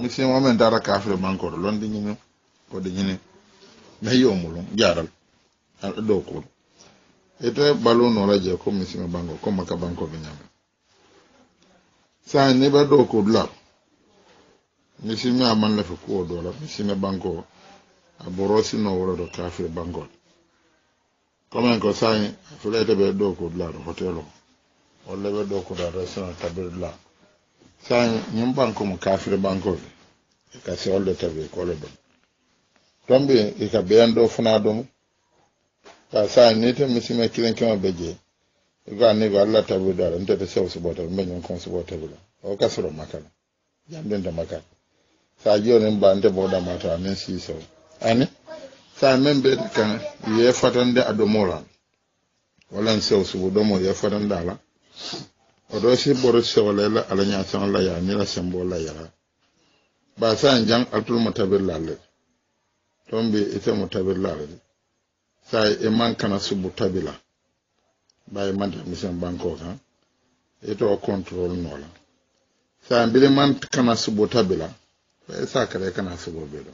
musimo kafir tara kafire bankoro londi ñini ko de ñini mais yomulum jaral ɗo kuɗo ite balu nora je ko musimo banko ko maka banko ɓe ñame sa ni ɓe ɗo kuɗla misimi aman lefe kuwo dola misime banko a borosino woroɗo kafire bankol commen ko sa fulete ɓe ɗo kuɗla ɗo hotel o walla ɓe ɗo kuɗa restaurant kabirla san ñiŋ banko mu kafiri banko le ka sewol le tabi i kolo domo ton bi ka beyan do fana domo ka san ni te misime kiliŋ kema be je i ko anigo alla tabi do ala ntete sewo subo tabi mbe ñiŋ kon subo tabi la o ka soro maka la jambinta maka sa jio niŋ nte bo damato aniŋ sii sewo ani sa meŋ be te kaŋ ye fatandi a domo la walla n sewo ye fatandi a odosi boro sewole la ala ñasaŋo la yaa ni la sembo la yaga baasa n jaŋ atul mo tabir lalle ton ite mo tabir lalle sai e man kana subu tabila bayi e manta misen banko kan ite o control nola sai bile man kana subu tabila bayi e sa kare kana subu bilo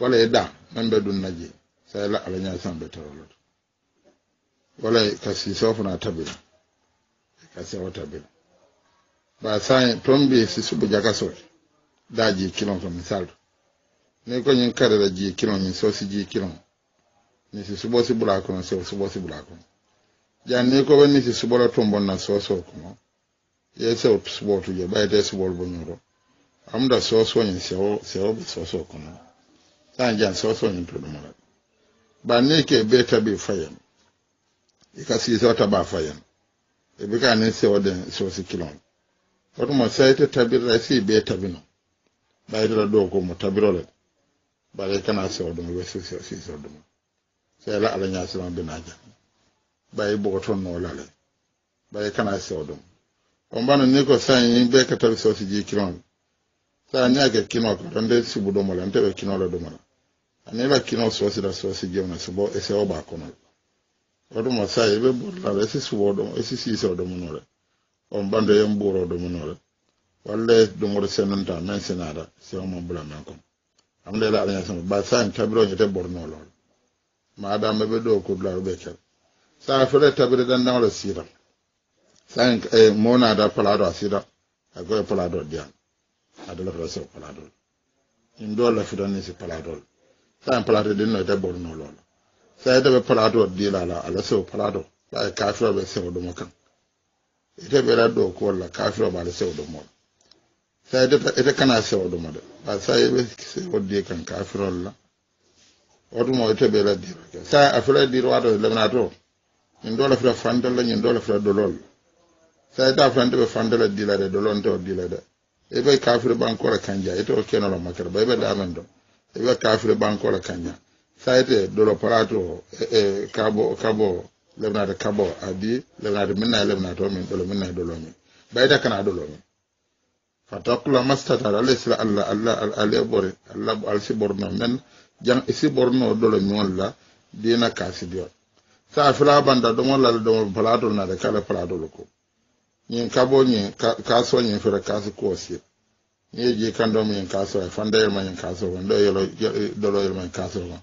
wala e da nan be dun naje sai e la ala ñasaŋ be tawolot wala ka siso tabila kasi wata bela ba sai tombe si subu jaka so daji ji kilon to misal ne ko nyin kare daji ji kilon ni so si ji kilon ni si subo si bula ko so subo si bula ko ja ne ko ni si subo la tombo na so so ko ye se o subo to je ba se bol bo nyoro amda so so nyin se o se o so so ko no tan ja so so nyin to ba ne ke beta be fayen ikasi so ta ba fayen ebe ka ne se wode so se kilon wato ma sai ta tabira sai be tabino ba ita do ko mo tabiro le kana se wode mo se se se wode mo la ala nya se ma binaja ba yi bogoton no la le ba kana se wode mo on ne ko sai yin be ka tabi so se ji kilon sai nya ke kino ko don de subu do mo la nte be kino la do mo la anela kino so se da so se je na subo e se oba kono waduma sa ibe burla esi suwodo esi siso do munore on bando yam buro do munore walle do mor senanta men senara se o mon bula men ko am le la nya sama ba sa tabiro nyete borno lol ma da me be do ko la be kel sa fere tabire dan na sira sa e mona da pala do sira ago pala do dia adala fere so pala do in do la fere ni si pala do sa pala de no te borno sayida bɛ pala dɔ di la la ala se o pala dɔ b'a ye kafira ite bɛ la la kafira b'ale se o dɔmɔ e la sayida ta ite kana se o dɔmɔ dɛ bari sayi e kan kafira la o tuma ite bɛ la di a di wa dɔ lamina dɔ nin dɔ la la nin dɔ la fila dɔlɔ la sayi ta di la dɛ dɔlɔ di la dɛ e bɛ kafiri ite o kɛnɛ la makɛrɛ ba e bɛ daa min dɔn sayte dolo parato e kabo kabo lebnata kabo abi lebnata minna lebnato min dolo minna dolo min bayda kana dolo min fatakula mastatata ala sila allah allah ala bore allah al siborno men jan isiborno dolo min walla dina kasibiyol sa fila banda domo lal domo palatol nata kala palatol ko ñin kabo ñin kaso ñin fere kasi kuosi ñi ji kando min kaso e fanda kaso kon yelo dolo yelma ñin kaso kon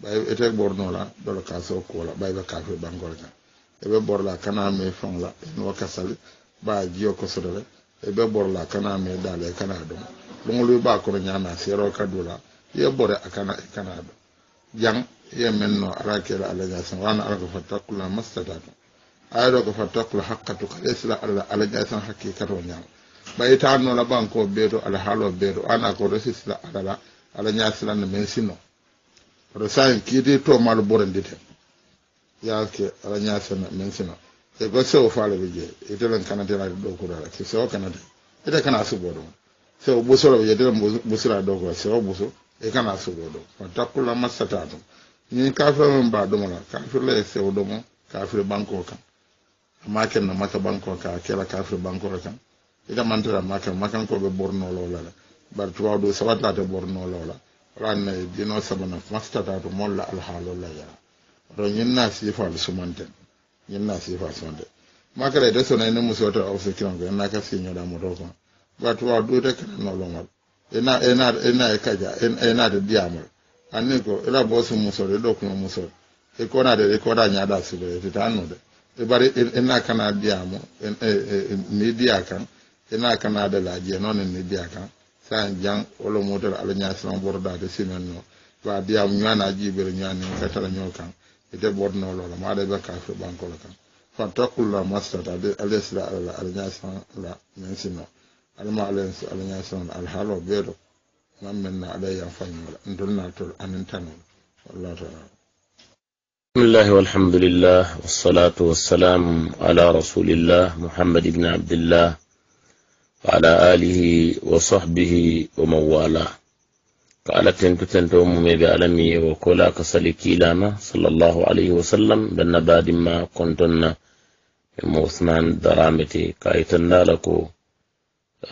bay ite borno la dolo ka so ko la bay be kafe bangol ka ebe borla kana me fon la no kasali ba jiyo ko so dole ebe borla kana me dale kana do lungulu ba ko nyana sero ka dula ye bore akana kana do jang ye menno arakela alaja san wana arako fatakula mastadatu ayro ko fatakula haqqatu kalisla alla alaja san hakikato nyam bay tan no la banko beto ala halo beto ana ko resisla ala ala nyasla men sino oto sayin kiiti tomaɗo ɓorandite yaake ala ñasena min sina e ko sewo faala ɓe jeeyi itelen kanatenade ɗo kurala si sewo kanate ite kana suɓo ɗum sewo ɓusoro ɓe jeetelen ɓusira ɗo kura sewo ɓusu e kana suɓo ɗum o takkulla massata ɗum ñin kafire men mba ɗumola kafirla e sewo ɗomo kafire banko kan amma kenno maka banko ka kela kafire bankoro kan ita mantata makan makankoɓe ɓornololala bar tuwaw ɗo sawatlate ɓornolola ranna e dino sabana mastata to molla alhaalolla yara oto ñinna siifaal sumanten ñinna siifaal sumanten makara ite sona ene musoto awso kiranko enna ka siñoɗa moto kon ba tuwa duute karanolomal ena ena ena e kaja enade diyamal anni ko ila bosu musol e ɗokkuma musol e konade e koɗa ñaɗa sugo e tita annude e bari e, ena kana diyamo mi e, e, diya kan ena kanade laaji e noon en ni diya kan san jang wala motar ala nya san borda da simen no ba biya mu nyana jibir nyani ka tara nyo kan ite borno lola ma da be ka fi banko la kan fa takulla masata de alesra ala ala nya san la men sino ala ma ala ala nya san al halo bedo man men na ala ya fanyo la ndon na tol anin tanu wallahi ta'ala بسم الله والحمد لله والصلاة والسلام على رسول الله محمد بن عبد الله وعلى آله وصحبه ومن والاه قال تنكتن تومم بعلمي وكلا كسلكي لنا صلى الله عليه وسلم بن بعد ما كنتن موثمان إمم درامتي كايتن لكو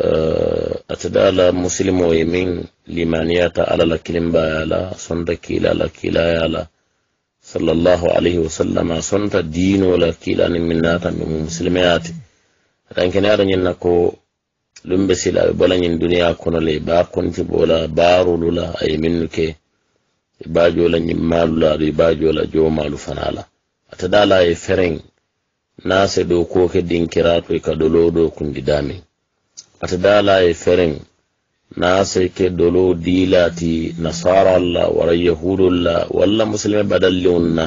آه، أتدالا مسلم ويمين لمانياتا على لكلم بايالا صند كيلا لكيلا يالا صلى الله عليه وسلم صند دين ولا كيلا من ناتا من مسلمياتي لكن يارن ɗum ɓe sila ɓe bolañin duniya kono le ba konti bola baru lula ay minnu ke ba jola ñimmaalu la aɗo ba jola jomalu fana la atadala la ye na se ko koke dinkirato e ka dolo do kundi damin atadala la ye fereŋ na se ke dolo dilati nasara la wara yahudol la walla musilime badalliŋ na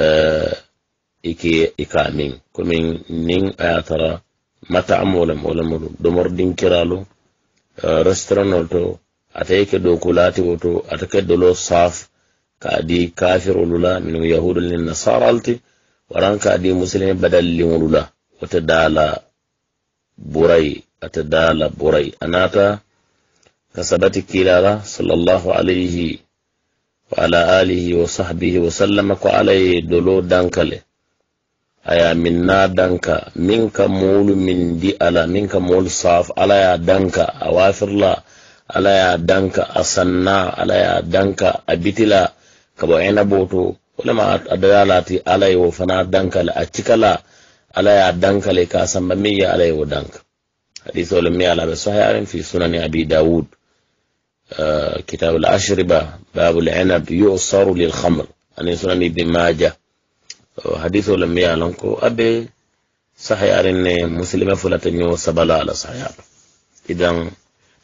eh, ike ikamin komin nin a mata wolem wolemolu domor dinkiralu eh, restaurantol to ata ye ke do wo to ata ke dolo saf ka di kafirolu la min yahudul lin nasaralti waran ka di badal lin la wata dala burai ata dala burai anata kasabati kilala sallallahu alayhi wa ala alihi wa sahbihi wa sallama ko ala ye dolo dankale aya minna danka minka mulu min di ala minka mul saf ala ya danka a ala ya danka asanna ala ya danka abitila kabo ena boto ulama adalati ala yo fana danka la a ala ya danka le ka samba ya ala yo danka hadithu wala mi ala be fi sunan abi daud كتاب الأشربة باب العنب يؤصر للخمر عن سنن ابن ماجه hadiso la miya lon ko abe sahayarin ne musulmi fulata ɲo sabala ala sahayaro idan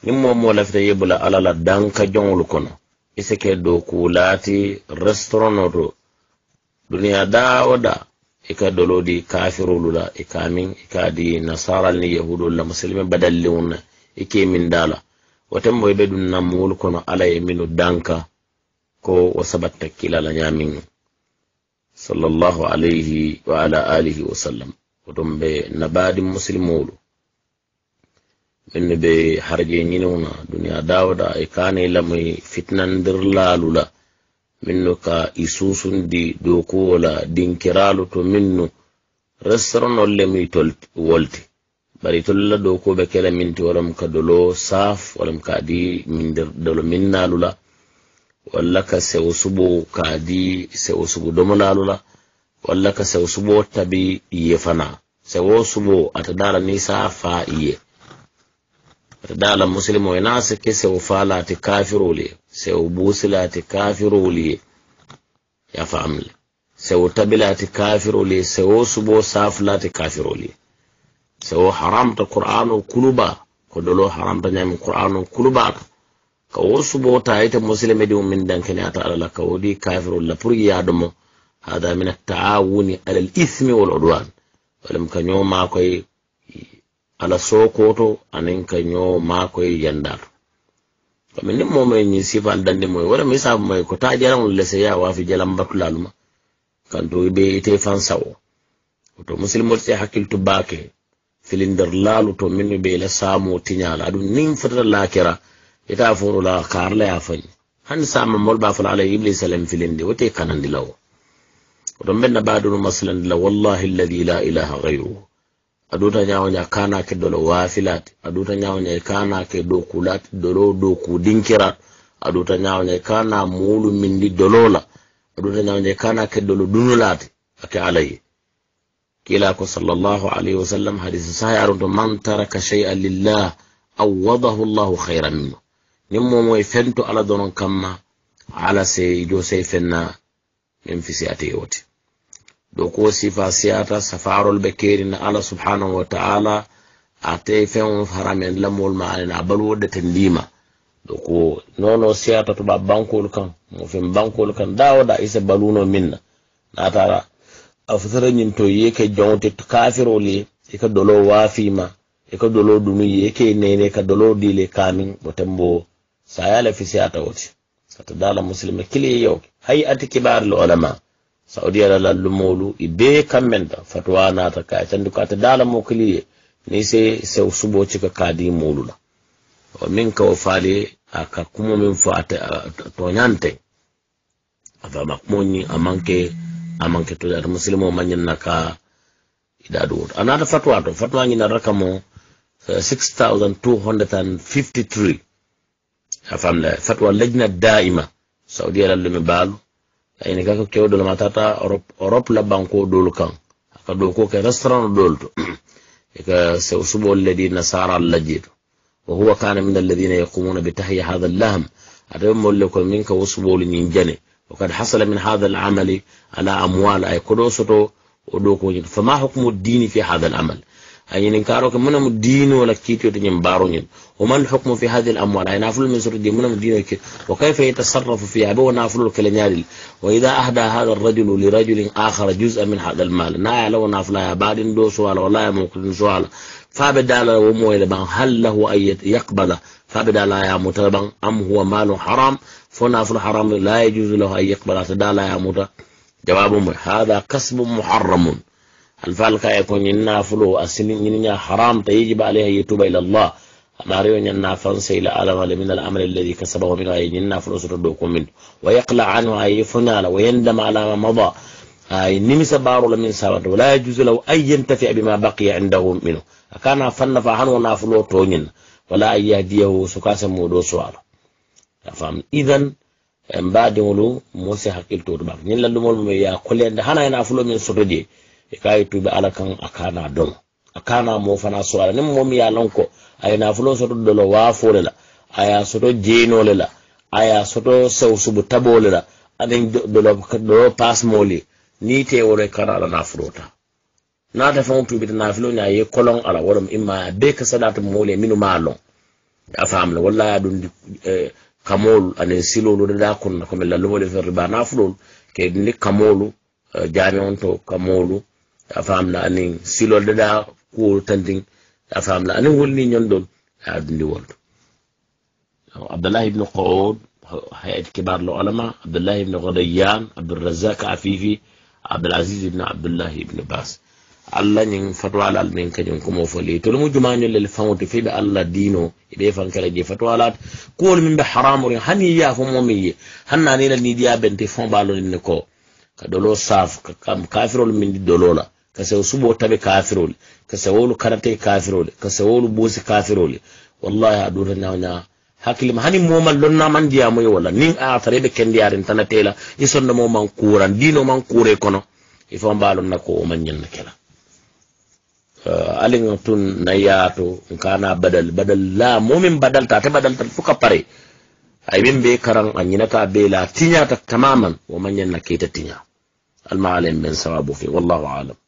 ni mo mo lafita yebula ala la danka jɔnwulu kɔnɔ ise ke do kulati restaurant do duniya dawo da ika dolo di kafirulu la ika e min ika di nasara ni yahudu la musulmi badallinw na ike min da la wata mo ibe dunna mulu kɔnɔ ala ye minu danka ko wasabatta kila la ɲaminu sallallahu alaihi wa ala alihi wa sallam na ɓe nabaɗi musilmuɗo minne be harje ñinewna duniya dawaɗa e kane lamoy fitnandir lalula. Minnu ka isusun di dow dinkiralu to minnu restaurantol le mi wolti bari tolla dow kuɓe kela minti walam ka dolo saf wala ka di min dolo walla ka kadi subow k'a di sewo tabi ye fana sewo subow fa ye ata dala musilimo ina sike sewo fala ati kafirol busila ati kafirol ya famle sewo tabila ati kafirol ye sewo subow safla ati kafirol ye sewo haramta qur'ano kuluba ko dolo haramta ñamin qur'ano kulubaka ka su bota ite muslime ɗi min a ata alala ka wodi kafirulla pour yaɗomo hada min attaawuni ala l ithmi wal udwan walem ka ñoo makoye ala sokoto anin ka ñoo makoye min komi nin momoye ñi sifal dandi moye wala mi sabu ko ta jalamol se ya wafi jalam batulaluma kanto ɓe ite fan sawo oto muslimol te hakil tubake filinder laalu to min be la samu tinyala aɗum nin fotata lakira ita furula karla ya fayi han saman mol ba fala alay iblis salam filindi wote kanandi law don benna baduru maslan la wallahi alladhi la ilaha ghayru aduta nyaawnya kana ke dolo wafilat aduta nyaawnya kana ke dokulat dolo doku dinkirat aduta nyaawnya kana mulu mindi dolola aduta nyaawnya kana ke dolo dunulat ake alay kila ko sallallahu alaihi wasallam hadisi sahih arun man taraka shay'an lillah awadahu allah khairan minhu Nin mo moy fento ala donon kamma ala sey do sey fenna ñiŋ fisiyate yo yoti do ko sifa siyata safarol be keerinna ala subhanahu wa taala ate feŋolu haramen mol ma ala a baluwo deten ndima do ko nono siyata ba bankol kan. mofin bankol kan dawo da isa baluno minna na tara a nyin to yeke ke kafiro li ye dolo wafima i ka dolo dunu yeke nene ka dolo dile kamin mo sayala fi siyata woti kata dala muslima kili yau hay kibar kibarul ulama saudi la lallu molu i be kammenta fatwa ta ka tandu duka ta dala mu kili ni se su subo cika kadi molu la wa min ka o fale aka kuma min fo ata tonyante aba makmoni amanke amanke to da musilmo manyan naka idadu anata fatwa to fatwa ni na rakamo 6253 eh, افهم فتوى اللجنه الدائمه سعودية اللي مبال يعني كاكا كيو دول ماتاتا اوروب اوروب لا دول كان كا دول كو كي رسترون دول كا سو سبو الذي نصارى وهو كان من الذين يقومون بتحيه هذا اللهم اتم لكم منك وسبو لنجني وقد حصل من هذا العمل على اموال اي كدو ودوكو فما حكم الدين في هذا العمل أين كارو كمنا الدين ولا كتير تجيم بارونين وما الحكم في هذه الأموال أين نافل من سر الدين سرد الدين مدين وكيف يتصرف في بو نافل الكلنيال وإذا أهدى هذا الرجل لرجل آخر جزء من هذا المال نا لو نافل يا بعدين دو سؤال ولا يا ممكن سؤال فابدال ومو هل له أي يقبل فابدال يا متبع أم هو مال حرام فنافل حرام لا يجوز له أن يقبل فدال يا متبع جواب هذا كسب محرم الفالكا يكون ينا فلو أسنين ينا حرام تيجب عليه يتوب إلى الله أما ريو ينا فانس إلى عالم من الأمر الذي كسبه من غير ينا فلو سردوكم منه ويقلع عنه أي فنال ويندم على ما مضى أي آه، نمس بارو لمن سرد ولا يجوز له أن ينتفع بما بقي عنده منه كان فن فحن ونافلو تونين ولا أن يهديه سكاس مودو سوال فهم إذن بعد مولو موسى حقيل تورباك نين لدو مولو ميا كلين دهانا ينافلو من سردي e ka ye tuɓe ala kan a kana don a kana mo fana so ala nin momi ye yalon ko a ye nafulon soto dolo waafo le la a y'a soto jeno le la a y'a soto sewsubu tabo le la anin dolo pasmo le ni te wore kana ala nafulota naata feŋo na fulo na ye kolon ala walam imma a bee ka sadata moolu ye minu maa loŋ a faam la walla ye dundi silo lo da de daa kunna komi lallumo le fe na fulo ke dundi kamoolu eh, jaameŋo to kamoolu أفهم لا أني سيلول دا كور تندين أفهم لا أني هول ني نيوندون أدن دي وولد عبد الله بن قعود هيئة كبار العلماء عبد الله بن غديان عبد الرزاق عفيفي عبد العزيز بن عبد الله بن باس الله نين فتوى على المين كجون كمو فلي تولو مجمعن اللي فهمت في بأ الله دينو إبي فان كالجي فتوى على كول من بحرام ورين هني يا فمومي هنانين اللي ديا بنتي فان بالو نكو كدولو صاف كام كافر من دولولا Kaseosu bootabe kafirol kaseolu karate kafirol kaseolu bosi kafirol wallahi adura nyawnya hakkilima hani momal lonnaman jiyamoye walla nin a tarebe kendiyaren tana tela i sondamo man kuran dino man kure kono il faut mbalonna ko oman ñanna kela aliga tun nayyato kana badal badal la momin badalta te badaltal fuka pare ay min be karan a ñinata be la tiñata tamaman woman ñanna keyta tiña alma alen men sawabu fe wallahu alam